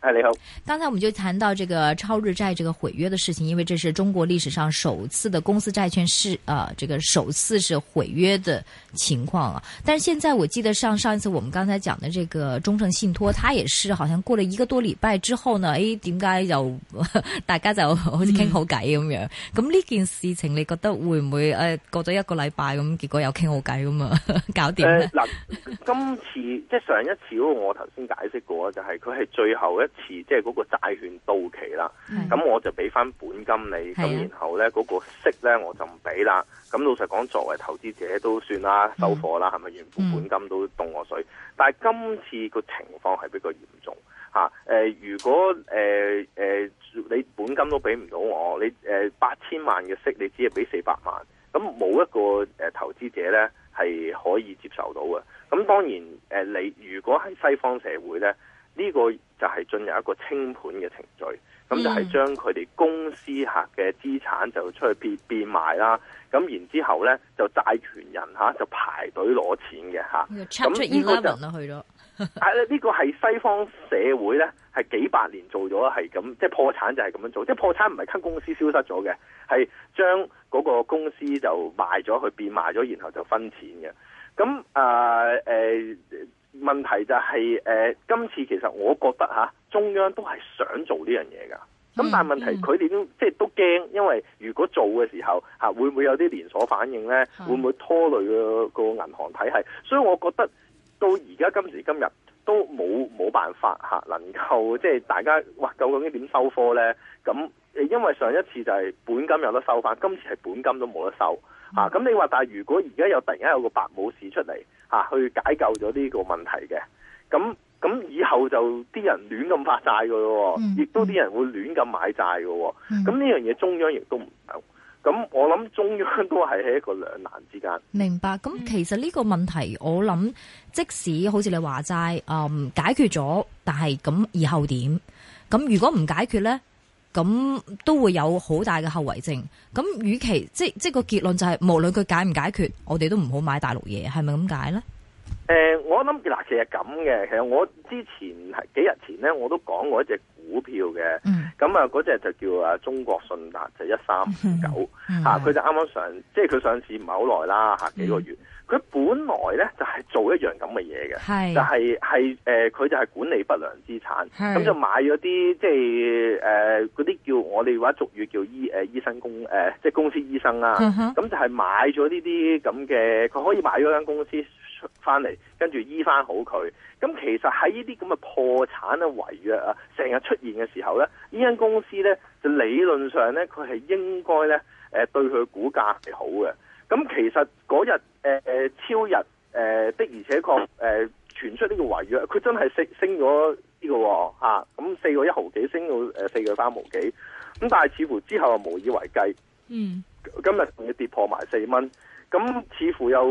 誒，你好！剛才我們就談到這個超日債這個毀約的事情，因為，這是中國歷史上首次的公司債券是，誒、呃，這個首次是毀約的情況啊。但是現在我記得上上一次我們剛才講的這個中誠信託，它也是好像過了一個多禮拜之後呢，誒、哎，點解又大家就好似傾好偈咁樣？咁呢、嗯、件事情你覺得會唔會誒、哎、過咗一個禮拜咁，結果又傾好偈咁啊？搞掂、呃呃、 今次即係上一次我頭先解釋過，就係佢係最後一。次即係嗰個債券到期啦，咁我就俾翻本金你，咁然後呢，嗰、嗰個息呢，我就唔俾啦。咁老實講，作為投資者都算啦，收貨啦，係咪？原本本金都凍我水，但係今次個情況係比較嚴重、啊呃、如果、呃呃、你本金都俾唔到我，你、呃、八千萬嘅息你只係俾四百萬，咁冇一個、呃、投資者呢係可以接受到嘅。咁當然、呃、你如果喺西方社會呢，呢、呢個。就係進入一個清盤嘅程序，咁就係將佢哋公司客嘅資產就出去變變賣啦，咁、嗯、然之後咧就債權人嚇就排隊攞錢嘅嚇，咁呢個就係啦，呢、啊、 個係西方社會咧係幾百年做咗係咁，即係破產就係咁樣做，即係破產唔係間公司消失咗嘅，係將嗰個公司就賣咗去變賣咗，然後就分錢嘅，咁啊誒。呃呃問題就係、是、誒、呃，今次其實我覺得吓、啊，中央都係想做呢樣嘢噶。咁、嗯、但係問題，佢哋、嗯、都即係都驚，因為如果做嘅時候吓、啊，會唔會有啲連鎖反應咧？是會唔會拖累個個銀行體系？所以我覺得到而家今時今日都冇冇辦法吓、啊，能夠即係大家話，究竟點收科咧？咁誒，因為上一次就係本金有得收翻，今次係本金都冇得收咁、嗯啊、你話，但係如果而家有突然間有個白武士出嚟？吓，去解救咗呢個問題嘅，咁咁以後就啲人亂咁發債噶咯，亦、嗯、都啲人會亂咁買債噶，咁呢、嗯、樣嘢中央亦都唔夠，咁我諗中央都係喺一個兩難之間。明白，咁其實呢個問題我諗，即使好似你話齋，嗯，解決咗，但係咁以後點？咁如果唔解決咧？咁都會有好大嘅後遺症。咁與其，即即個結論就係，無論佢解唔解決，我哋都唔好買大陸嘢，係咪咁解咧？誒，我諗嗱，其實咁嘅，其實我之前係幾日前咧，我都講過一隻。股票嘅，咁啊嗰隻就叫啊中國信達，就一三五九，嚇佢、啊、就啱啱上，即係佢上市唔係好耐啦，嚇幾個月，佢、嗯、本來咧就係、是、做一樣咁嘅嘢嘅，是就係係佢就係管理不良資產，咁是就買咗啲即係誒嗰啲叫我哋話俗語叫醫、呃、醫生公誒即係公司醫生啦、啊。咁、嗯、哼就係買咗呢啲咁嘅，佢可以買咗間公司。翻嚟，跟住醫翻好佢。咁其實喺呢啲咁嘅破產啊、違約啊，成日出現嘅時候呢，呢間公司呢，就理論上呢，佢係應該呢誒對佢股價係好嘅。咁其實嗰日誒誒超日誒的，而且確誒傳出呢個違約，佢真係升升咗呢個嚇，咁、啊、四個一毫幾升到四個三毫幾。咁但係似乎之後就無以為繼。嗯。今日仲要跌破埋四蚊，咁似乎又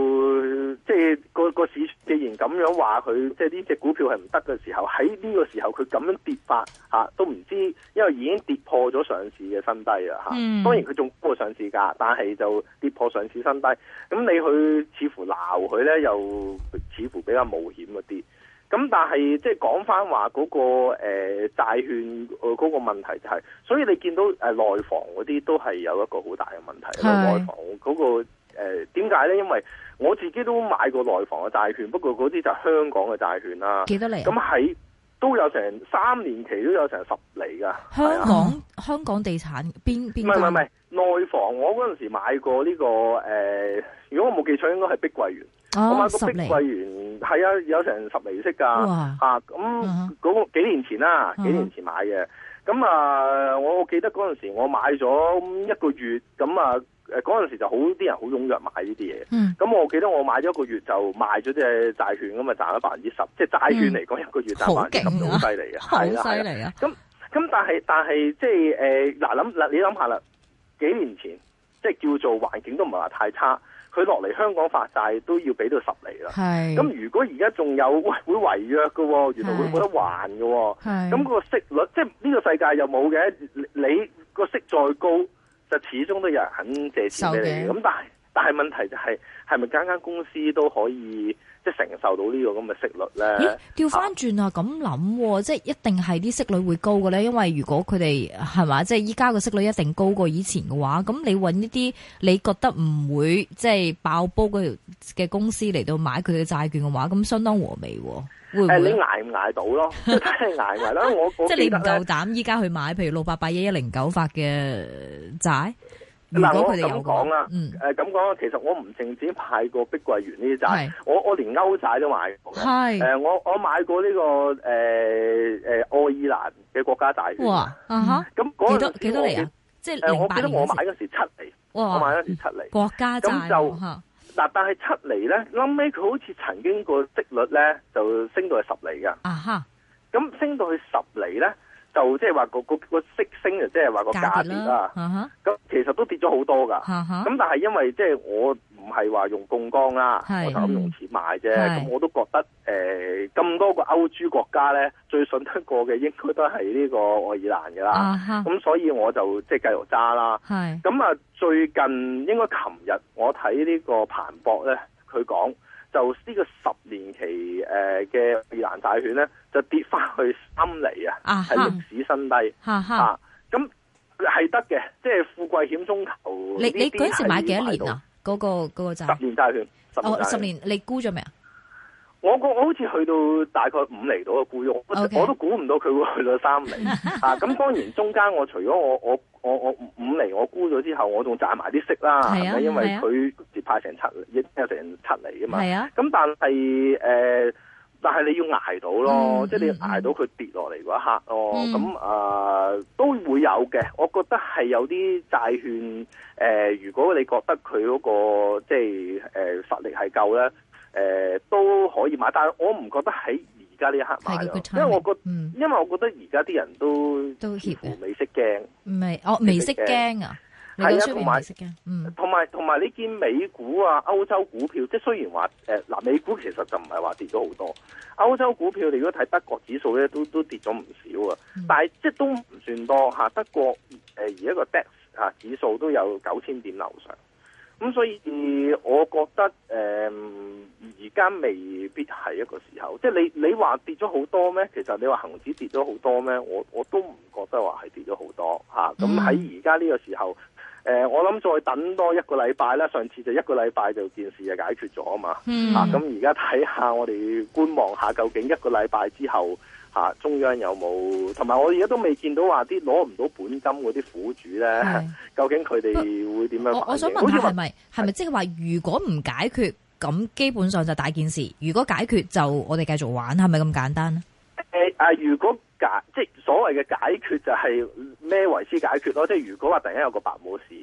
即係個個市，既然咁樣話佢，即係呢隻股票係唔得嘅時候，喺呢個時候佢咁樣跌法吓、啊，都唔知，因為已經跌破咗上市嘅新低啦吓、啊。當然佢仲高過上市價，但係就跌破上市新低，咁你去似乎鬧佢咧，又似乎比較冒險一啲。咁但係即係講翻話嗰個誒債券嗰個問題就係、是，所以你見到誒內房嗰啲都係有一個好大嘅問題。內房嗰個誒點解咧？因為我自己都買過內房嘅債券，不過嗰啲就係香港嘅債券啦、啊。幾多厘咁喺都有成三年期，都有成十厘噶。香港、啊、香港地產邊邊間？唔係唔係內房，我嗰陣時候買過呢個誒、呃，如果我冇記錯，應該係碧桂園。我買個碧桂園，係啊，有成十厘息噶，吓，咁嗰幾年前啦，幾年前買嘅，咁啊，我記得嗰陣時我買咗一個月，咁啊，誒嗰陣時就好啲人好踴躍買呢啲嘢，咁我記得我買咗一個月就賣咗隻債券，咁啊賺咗百分之十，即係債券嚟講一個月賺百分之十，好犀利嘅，係啊，係啊，咁咁但係但係即係誒嗱諗嗱你諗下啦，幾年前即係叫做環境都唔係話太差。佢落嚟香港發債都要俾到十厘啦，咁是如果而家仲有，喂會違約嘅、哦，原來會冇得還嘅、哦，咁是個息率即係呢個世界又冇嘅，你個息再高，就始終都有人肯借錢俾你，咁的但係。但係問題就係，係咪間間公司都可以即係承受到呢個咁嘅息率咧？調翻轉啊，咁諗，即係一定係啲息率會高嘅咧。因為如果佢哋係嘛，即係依家個息率一定高過以前嘅話，咁你搵一啲你覺得唔會即係爆煲嗰條嘅公司嚟到買佢嘅債券嘅話，咁相當和味，會唔會？啊，你挨唔挨到咯？挨唔挨我即係你唔夠膽依家去買，譬如六八八一一零九發嘅債。嗱，我咁講啦，誒咁講啦，其實我唔淨止派過碧桂園呢啲債，我我連歐債都買過嘅。我我買過呢個誒誒愛爾蘭嘅國家債。哇！咁嗰陣幾多厘啊？即係我記得我買嗰時七厘，我買嗰時七厘國家債咁就，嗱，但係七厘咧，後尾佢好似曾經個息率咧就升到去十厘㗎。咁升到去十厘咧。就即係話個色個個息升啊，即係話個價跌啦。咁、啊、其實都跌咗好多噶。咁、啊、哈但係因為即係我唔係話用槓桿啦，是我就咁用錢買啫。咁是我都覺得誒，咁是、呃、多個歐豬國家咧，最信得過嘅應該都係呢個愛爾蘭噶啦。咁、啊、哈所以我就即係繼續揸啦。咁是啊，最近應該琴日我睇呢個彭博咧，佢講就呢個十年期誒嘅愛爾蘭債券咧，就跌翻去。嚟啊，係歷史新低。吓，咁係得嘅，即係富貴險中求。你你嗰時買幾多年啊？個個債十年債券，十十年你估咗未啊？我我好似去到大概五厘度啊，雇傭我都我都估唔到佢會去到三厘啊。咁當然中間我除咗我我我我五厘我估咗之後，我仲賺埋啲息啦，係咪？因為佢接派成七億成七厘啊嘛。係啊，咁但係，誒。但係你要挨到咯，嗯嗯嗯、即係你要挨到佢跌落嚟嗰一刻咯。咁啊、嗯哦呃，都會有嘅。我覺得係有啲債券，誒、呃，如果你覺得佢嗰、嗰個即係誒實力係夠咧，誒、呃、都可以買。但係我唔覺得喺而家呢一刻買，因為我覺，嗯，因為我覺得而家啲人都都似乎未識驚，唔係我未識驚啊。係啊，同埋同埋同埋，你見美股啊、歐洲股票，即係雖然話誒，嗱、呃，美股其實就唔係話跌咗好多，歐洲股票你如果睇德國指數咧，都都跌咗唔少啊，但係即係都唔算多吓、啊。德國誒、呃、而一個 DAX 吓、啊、指數都有九千點樓上，咁所以、呃、我覺得誒而家未必係一個時候，即係你你話跌咗好多咩？其實你話恒指跌咗好多咩？我我都唔覺得話係跌咗好多吓。咁喺而家呢個時候。誒、呃，我諗再等多一個禮拜啦，上次就一個禮拜就件事就解決咗啊嘛。吓、嗯，咁而家睇下我哋觀望下究竟一個禮拜之後吓、啊、中央有冇，同埋我而家都未見到話啲攞唔到本金嗰啲苦主咧，是究竟佢哋會點樣？我，我想問下係咪係咪即係話如果唔解決咁基本上就大件事，如果解決就我哋繼續玩，係咪咁簡單咧？誒、呃、啊、呃，如果。解即係所謂嘅解決就係咩為之解決咯？即係如果話突然間有個白武士、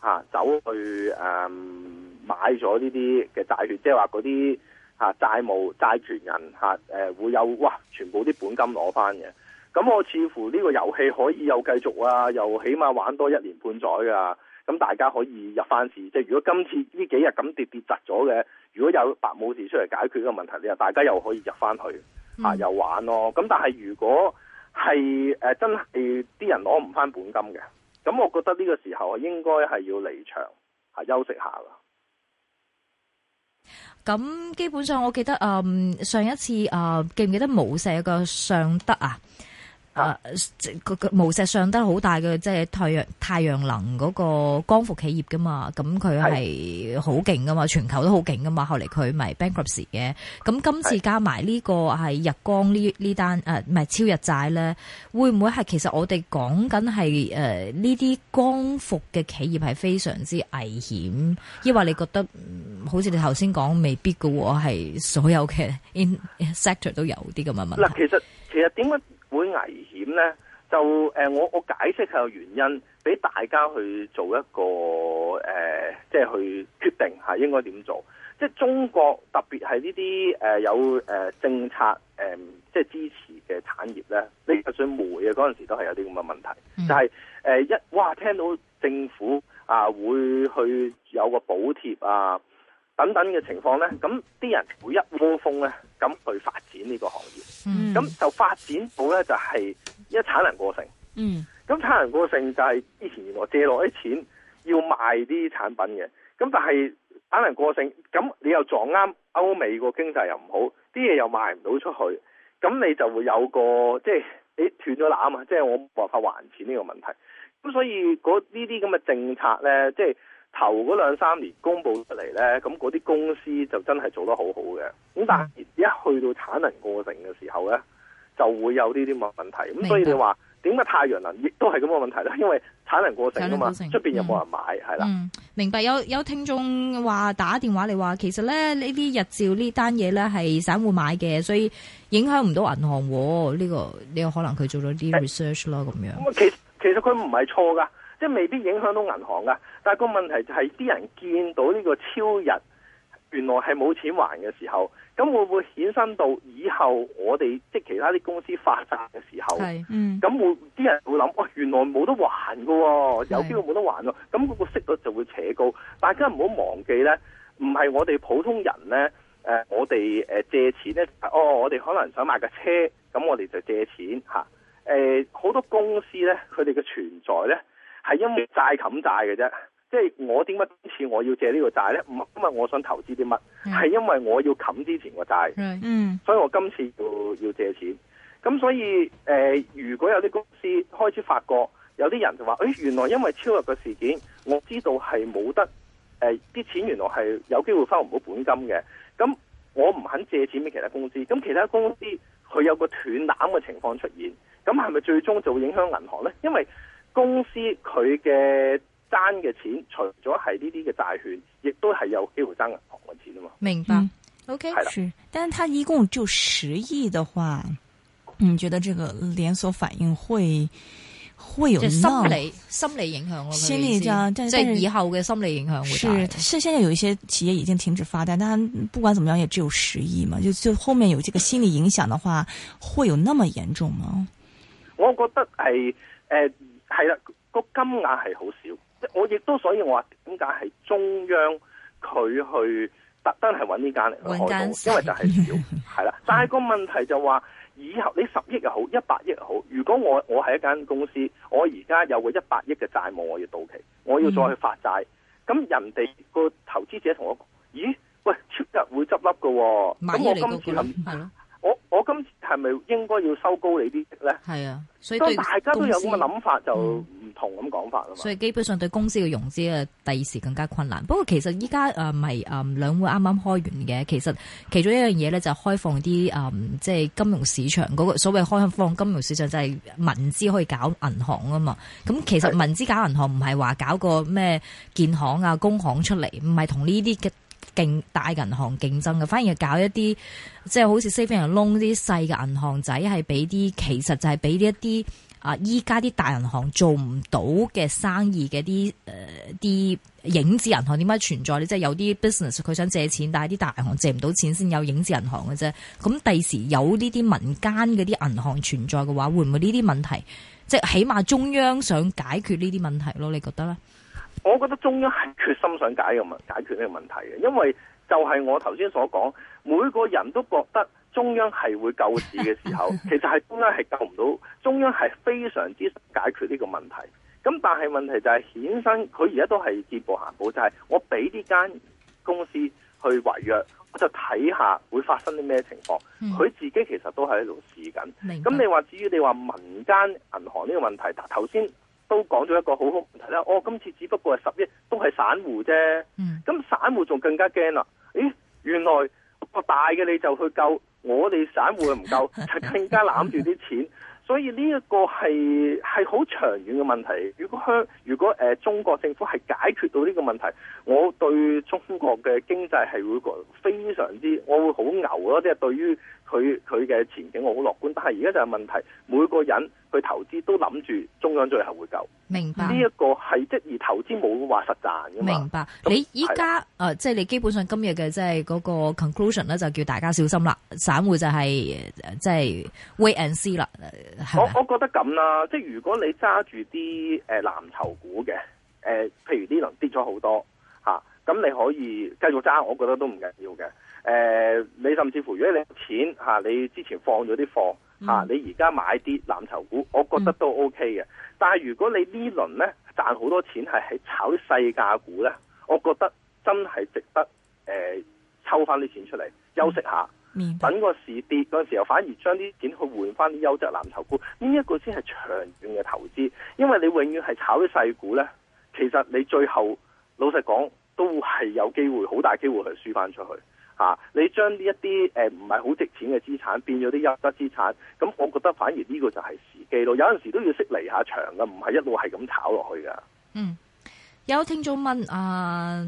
啊、走去誒、嗯、買咗呢啲嘅債券，即係話嗰啲嚇債務債權人嚇、啊啊、會有哇，全部啲本金攞翻嘅。咁我似乎呢個遊戲可以又繼續啊，又起碼玩多一年半載啊。咁、啊、大家可以入翻市，即係如果今次呢幾日咁跌跌窒咗嘅，如果有白武士出嚟解決個問題，你又大家又可以入翻去嚇、啊嗯、又玩咯。咁、啊、但係如果，係誒、呃，真係啲人攞唔返本金嘅，咁我覺得呢個時候應該係要離場，吓、啊、休息下啦。咁基本上我記得誒、呃，上一次誒、呃，記唔記得無錫嘅尚德啊？啊，即係個個無錫尚德好大嘅，即係太陽太陽能嗰個光伏企業噶嘛，咁佢係好勁噶嘛，全球都好勁噶嘛，後嚟佢咪 bankruptcy 嘅，咁今次加埋呢、呢個係是日光呢呢單誒，唔、啊、係超日債咧，會唔會係其實我哋講緊係誒呢啲光伏嘅企業係非常之危險，抑或你覺得、嗯、好似你頭先講未必噶我係所有嘅 in sector 都有啲咁嘅問題。嗱，其實其實點解？危險咧，就誒，我我解釋下個原因，俾大家去做一個誒、呃，即係去決定係應該點做。即係中國特別係呢啲誒有誒政策誒、呃、即係支持嘅產業咧，你就算煤啊嗰陣時都係有啲咁嘅問題，嗯、就係、是、誒、呃、一哇，聽到政府啊會去有個補貼啊。等等嘅情況那那呢，咁啲人會一窩蜂呢咁去發展呢個行業，咁就發展到呢，就係一產能過剩。咁產能過剩就係以前我借落啲錢要賣啲產品嘅，咁但係產能過剩，咁你又撞啱歐美個經濟又唔好，啲嘢又賣唔到出去，咁你就會有個即係、就是、你斷咗纜啊！即、就、係、是、我冇辦法還錢呢個問題。咁所以嗰呢啲咁嘅政策呢，即係。頭嗰兩三年公布出嚟咧，咁嗰啲公司就真係做得好好嘅。咁但係一去到產能過剩嘅時候咧，就會有呢啲咁嘅問題。咁白所以你話點解太陽能亦都係咁嘅問題啦，因為產能過剩啊嘛，出邊有冇人買係啦、嗯了嗯。明白有有聽眾話打電話嚟話，其實咧呢啲日照呢單嘢咧係散戶買嘅，所以影響唔到銀行呢、這個呢、這個可能佢做咗啲 research 啦咁、欸、樣。其其實佢唔係錯噶。即係未必影響到銀行㗎，但係個問題就係啲人見到呢個超日原來係冇錢還嘅時候，咁會唔會衍生到以後我哋即係其他啲公司發債嘅時候？係，嗯，咁會啲人會諗，哇、哦，原來冇得還嘅喎，有機會冇得還喎？咁嗰是個息率就會扯高。大家唔好忘記呢，唔係我哋普通人呢，誒、呃，我哋誒借錢呢，哦，我哋可能想買架車，咁我哋就借錢嚇。誒、啊，好、呃、多公司呢，佢哋嘅存在呢。係因為債冚債嘅啫，即係我點解今次我要借呢個債呢？唔係因為我想投資啲乜，係因為我要冚之前個債。嗯嗯，所以我今次要要借錢。咁所以誒、呃，如果有啲公司開始發覺有啲人就話：，誒、欸，原來因為超入嘅事件，我知道係冇得誒啲、呃、錢，原來係有機會翻唔到本金嘅。咁我唔肯借錢俾其他公司。咁其他公司佢有個斷纜嘅情況出現，咁係咪最終就會影響銀行呢？因為公司佢嘅爭嘅錢，除咗係呢啲嘅債券，亦都係有機會爭銀行嘅錢啊嘛。明白，嗯、，OK 係的但係佢一共就十億嘅話，你、嗯、覺得這個連鎖反應會會有那麼心理心理影響咯、啊？心理上、啊，即係以，以後嘅心理影響會大。是，現在有一些企業已經停止發債，但不管怎麼樣，也只有十億嘛。就就後面有這個心理影響的話，會有那麼嚴重嗎？我覺得係誒。呃係啦，是的那個金額係好少，我亦都所以我話點解係中央佢去特登係揾呢間嚟去開到，因為就係少，係啦。 但係個問題就話以後你十億又好，一百億又好，如果我我係一間公司，我而家有個一百億嘅債務我要到期，我要再去發債，咁、嗯、人哋個投資者同我講，咦？喂，聽日會執笠噶，咁我今次係我我今次係咪應該要收高你啲息咧？係啊，所以大家都有個諗法就唔同咁講法嘛、嗯、所以基本上對公司嘅融資啊，第二時更加困難。不過其實依家唔係兩會啱啱開完嘅，其實其中一樣嘢咧就係開放啲誒、嗯，即係金融市場嗰、嗰個所謂開放金融市場，就係民資可以搞銀行啊嘛。咁其實民資搞銀行唔係話搞個咩建行啊工行出嚟，唔係同呢啲嘅。競大銀行競爭嘅，反而係搞一啲即係好似 savings and loan 啲細嘅銀行仔是一些，係俾啲其實就係俾啲一啲啊，依家啲大銀行做唔到嘅生意嘅。啲誒啲影子銀行點解存在咧？即係有啲 business 佢想借錢，但係啲大銀行借唔到錢先有影子銀行嘅啫。咁第時有呢啲民間嗰啲銀行存在嘅話，會唔會呢啲問題？即係起碼中央想解決呢啲問題咯？你覺得咧？我覺得中央係決心想解個問，解決呢個問題嘅，因為就係我頭先所講，每個人都覺得中央係會救市嘅時候， 其實係中央係救唔到，中央係非常之想解決呢個問題。咁但係問題就係衍生，佢而家都係見步行步，就係、是、我俾呢間公司去違約，我就睇下會發生啲咩情況。佢、嗯、自己其實都係喺度試緊。咁白你話至於你話民間銀行呢個問題，頭先。都講咗一個好好問題啦，我、哦、今次只不過係十億，都係散戶啫。咁、嗯、散戶仲更加驚啦。咦，原來個大嘅你就去救，我哋散戶唔夠，就更加攬住啲錢。 所以呢一個係係好長遠嘅問題。如果香，如果誒、呃、中國政府係解決到呢個問題，我對中國嘅經濟係會覺非常之，我會好牛咯。即係對於。佢佢嘅前景我好樂觀，但係而家就係問題，每個人去投資都諗住中央最後會救。明白，呢一個係即係投資冇話實賺嘅。明白，你依家誒，即係你基本上今日嘅即係嗰個 conclusion 咧就叫大家小心啦，散戶就係即係 wait and see 啦。我我覺得咁啦，即係如果你揸住啲誒藍籌股嘅誒，譬如呢輪跌咗好多吓，咁、啊、你可以繼續揸，我覺得都唔緊要嘅。誒、呃，你甚至乎，如果你有錢吓、啊，你之前放咗啲貨吓，啊 mm. 你而家買啲藍籌股，我覺得都 OK 嘅。Mm. 但係如果你這輪呢輪呢賺好多錢，係喺炒細價股呢，我覺得真係值得誒、呃、抽翻啲錢出嚟休息下，mm. 等個市跌嗰時候，反而將啲錢去換翻啲優質藍籌股，呢、這、一個先係長遠嘅投資。因為你永遠係炒啲細股呢。其實你最後老實講都係有機會好大機會去輸翻出去。你將呢一啲誒唔係好值錢嘅資產變咗啲優質資產，咁我覺得反而呢個就係時機咯。有陣時都要識離下場噶，唔係一路係咁炒落去噶。嗯，有聽眾問啊，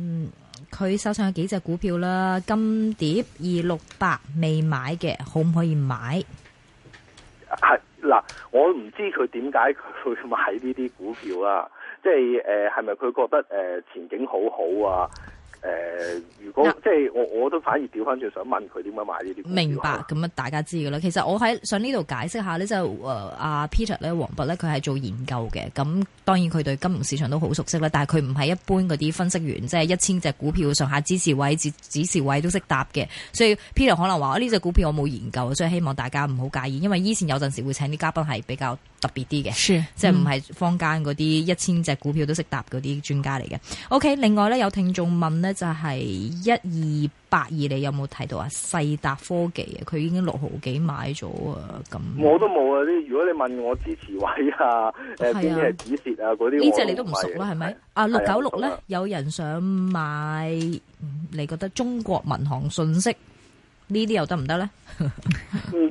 佢、呃、手上有幾隻股票啦，金蝶二六八未買嘅，可唔可以買？係嗱，我唔知佢點解佢會買呢啲股票啊？即係誒，係咪佢覺得誒、呃、前景好好啊？誒、呃，如果 No. 即係我，我都反而掉翻轉，想問佢點樣買呢啲？明白咁啊，大家知噶啦。其實我喺上呢度解釋下呢就誒阿、呃、Peter 咧，王弼咧，佢係做研究嘅。咁當然佢對金融市場都好熟悉啦。但係佢唔係一般嗰啲分析員，即係一千隻股票上下指示位指指示位都識答嘅。所以 Peter 可能話呢隻股票我冇研究，所以希望大家唔好介意。因為以前有陣時會請啲嘉賓係比較。特別啲嘅，是即係唔係坊間嗰啲一千隻股票都識答嗰啲專家嚟嘅。OK，另外咧有聽眾問咧就係一二八二，你有冇睇到啊？世達科技啊，佢已經六毫幾買咗啊，咁我都冇啊。啲如果你問我支持位、呃、係啊，誒啲咩止蝕啊嗰啲，呢隻你都唔熟啦，係咪啊？六九六咧，有人想買，你覺得中國民航信息？行行呢啲又得唔得咧？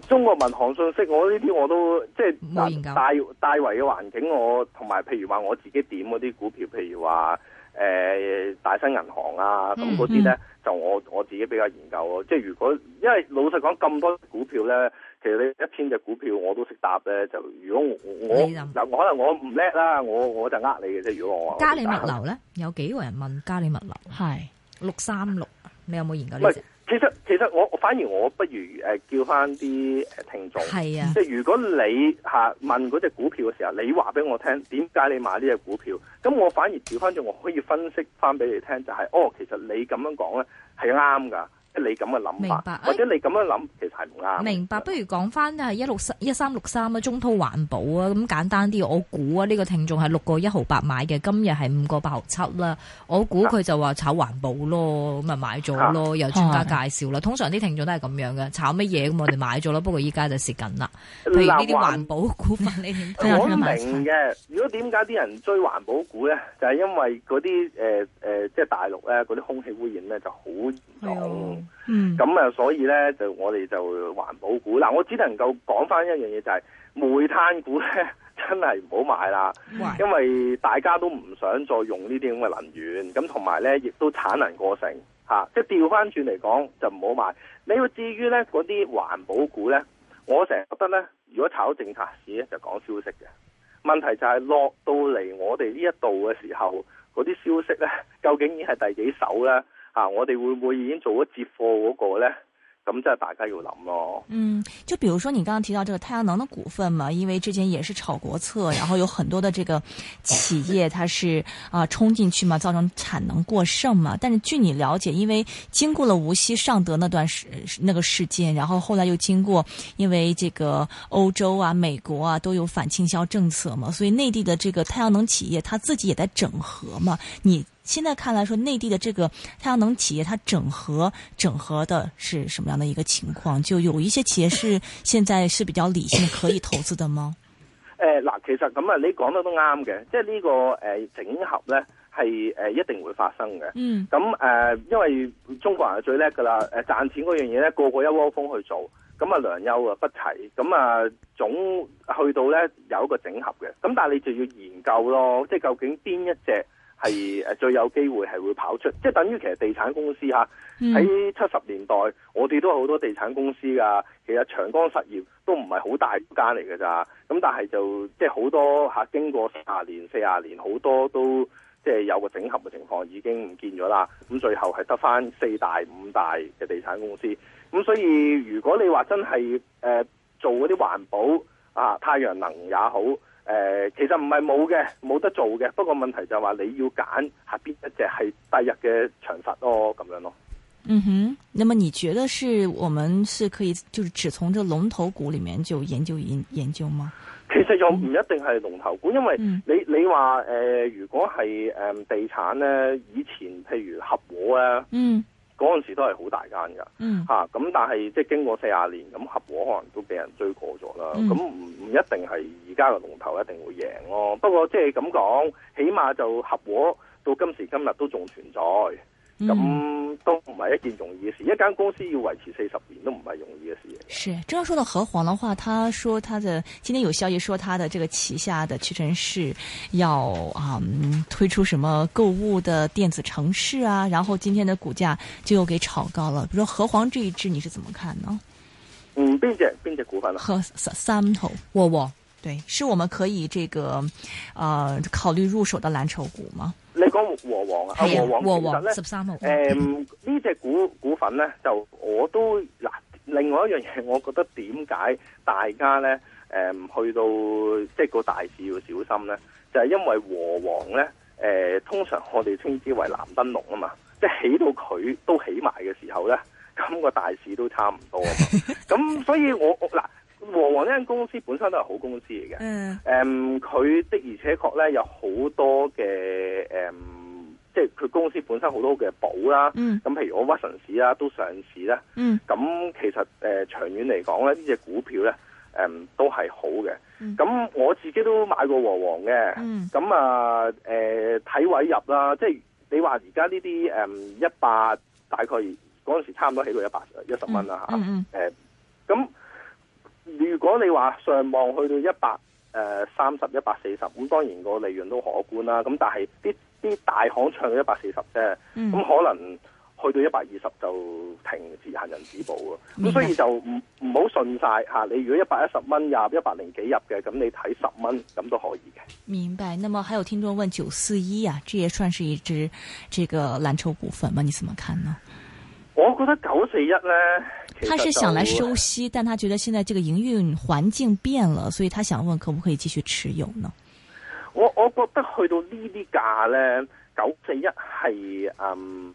中國民航信息，我呢啲我都即係冇研究。大大圍嘅環境，我同埋譬如話我自己點嗰啲股票，譬如話誒、欸、大新銀行啊，咁嗰啲咧就我我自己比較研究咯。即係如果因為老實講咁多股票咧，其實你一千隻股票我都識答咧。就如果我我可能我唔叻啦，我我就呃你嘅啫。如果我嘉里物流咧，有幾個人問嘉里物流，係六三六，636，你有冇研究呢？其實其實我反而我不如、呃、叫翻啲誒聽眾，是啊、即係如果你嚇、啊、問嗰隻股票嘅時候，你話俾我聽點解你買呢隻股票，咁我反而調翻轉我可以分析翻俾你聽，就係、是、哦，其實你咁樣講咧係啱㗎。你咁嘅諗法，明白。或者你咁樣諗、哎、其實係唔啱。明白，不如講翻係一六三一三六三啊，63，中通環保啊，咁簡單啲。我估啊，呢、這個聽眾係六個一毫八買嘅，今日係五個八毫七啦。我估佢就話炒環保咯，咁咪、啊、買咗咯，啊、又專家介紹啦。啊、通常啲聽眾都係咁樣嘅，炒乜嘢咁我哋買咗啦。哎、不過依家就蝕緊啦。譬如呢啲環保股份，我明嘅。如果點解啲人追環保股咧，就係、是、因為嗰啲誒誒，即係大陸咧嗰啲空氣污染咧就好嚴重。哎 Mm. 嗯，咁啊，所以咧就我哋就環保股嗱，我只能夠講翻一樣嘢就係、是、煤炭股咧，真係唔好買啦，因為大家都唔想再用呢啲咁嘅能源，咁同埋咧亦都產能過剩吓、啊，即係調翻轉嚟講就唔好買。你要至於咧嗰啲環保股咧，我成日覺得咧，如果炒政策市咧就講消息嘅，問題就係、是、落到嚟我哋呢一度嘅時候，嗰啲消息咧究竟已經係第幾手咧？啊！我哋會唔會已經做咗接貨嗰個呢？咁真係大家要諗咯。嗯，就比如說你剛剛提到這個太陽能的股份嘛，因為之前也是炒國策，然後有很多的這個企業，它是啊、呃、衝進去嘛，造成產能過剩嘛。但是據你了解，因為經過了無錫尚德那段時，那個事件，然後後來又經過，因為這個歐洲啊、美國啊都有反傾銷政策嘛，所以內地的這個太陽能企業，它自己也在整合嘛。你。現在看來說，內地的這個太陽能企業，它整合整合的是什麼樣的一個情況？就有一些企業是現在是比較理性，可以投資的嗎？誒，嗱，其實咁啊，你講得都啱嘅，即係呢個誒、呃、整合咧係誒一定會發生嘅。嗯。咁誒、呃，因為中國人係最叻噶啦，誒賺錢嗰樣嘢咧個個一窩蜂去做，咁啊良莠啊不齊，咁啊總去到咧有一個整合嘅。咁但係你就要研究咯，即係究竟邊一隻？係誒最有機會係會跑出，即係等於其實地產公司嚇喺七十年代，我哋都好多地產公司噶。其實長江實業都唔係好大間嚟嘅咋，咁但係就即係好多嚇經過卅年、四十年，好多都即係有個整合嘅情況，已經唔見咗啦。咁最後係得翻四大、五大嘅地產公司。咁所以如果你話真係誒做嗰啲環保啊、太陽能也好。誒、呃，其實唔係冇嘅，冇得做嘅。不過問題就係話你要揀，係邊一隻係第日嘅長實咯，咁樣咯。嗯哼，那麼你覺得是我們是可以，就是只從這龍頭股裏面就研究研研究嗎？其實又唔一定係龍頭股，嗯、因為你你話誒、呃，如果係誒、嗯、地產呢，以前譬如合和啊。嗯。嗰陣時都係好大間㗎，嚇咁、嗯啊、但係即係經過四十年咁合和，可能都俾人追過咗啦。咁唔唔一定係而家個龍頭一定會贏咯、啊。不過即係咁講，起碼就合和到今時今日都仲存在。咁、嗯嗯、都唔係一件容易嘅事，一間公司要維持四十年都唔係容易嘅事。是，正要說到和黃的話，他說他的今天有消息說他的這個旗下的屈臣氏要啊、嗯、推出什麼購物的電子城市啊，然後今天的股價就又給炒高了。比如說和黃這一隻你是怎麼看呢？嗯，邊隻邊隻股份啊？和三頭沃沃，對，是我們可以這個，啊、呃、考慮入手的藍籌股嗎？你講和黃啊，和黃其實咧，誒、啊，呢隻十三號、嗯、股股份咧，就我都嗱，另外一樣嘢，我覺得點解大家咧，誒，去到即係、就是、個大市要小心咧，就係、是、因為和黃咧，誒，通常我哋稱之為藍燈籠啊嘛，即、就、係、是、起到佢都起埋嘅時候咧，咁、那個大市都差唔多，嘛。咁所以我我嗱。和黃呢間公司本身都係好公司嚟嘅。嗯嗯，嗯，誒，佢的而且確咧，有好多嘅，誒，即係佢公司本身好多嘅保啦，咁、嗯、譬如我屈臣氏啦都上市啦，嗯呃。嗯，咁其實誒長遠嚟講咧，呢隻股票咧，誒、嗯，都係好嘅，咁我自己都買過和黃嘅，咁、嗯、啊，誒、呃，睇位入啦，即、就、係、是、你話而家呢啲，誒、嗯，一百大概嗰陣時差唔多起到一百一十蚊啦吓，誒、嗯，咁、嗯。嗯啊如果你話上網去到一百誒三十，一百四十，咁當然個利潤都可觀啦。咁但係啲啲大行唱到一百四十啫，咁、嗯、可能去到一百二十就停止行人止步啊。咁白所以就唔唔好信晒吓。你如果一百一十蚊入，一百零幾入嘅，咁你睇十蚊咁都可以嘅。明白。那麼還有聽眾問九四一啊，這也算是一支這個藍籌股份嗎？你怎麼看呢？我覺得九四一呢。嗯他是想來收息，但他覺得現在這個營運環境變了，所以他想問可不可以繼續持有呢？我我覺得去到呢啲價呢，九四一係嗯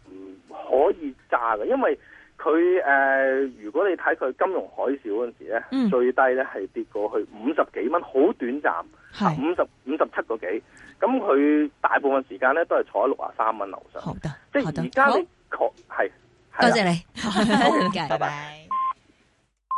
可以揸嘅，因為佢誒、呃，如果你睇佢金融海嘯嗰陣時咧，嗯、最低呢係跌過去五十幾蚊，好短暫，五十五十七個幾，咁佢五十、五十七、嗯、大部分時間呢都係坐喺六啊三蚊樓上，好的即係而家確係。多謝，謝你，好，好，謝謝，拜拜。拜拜。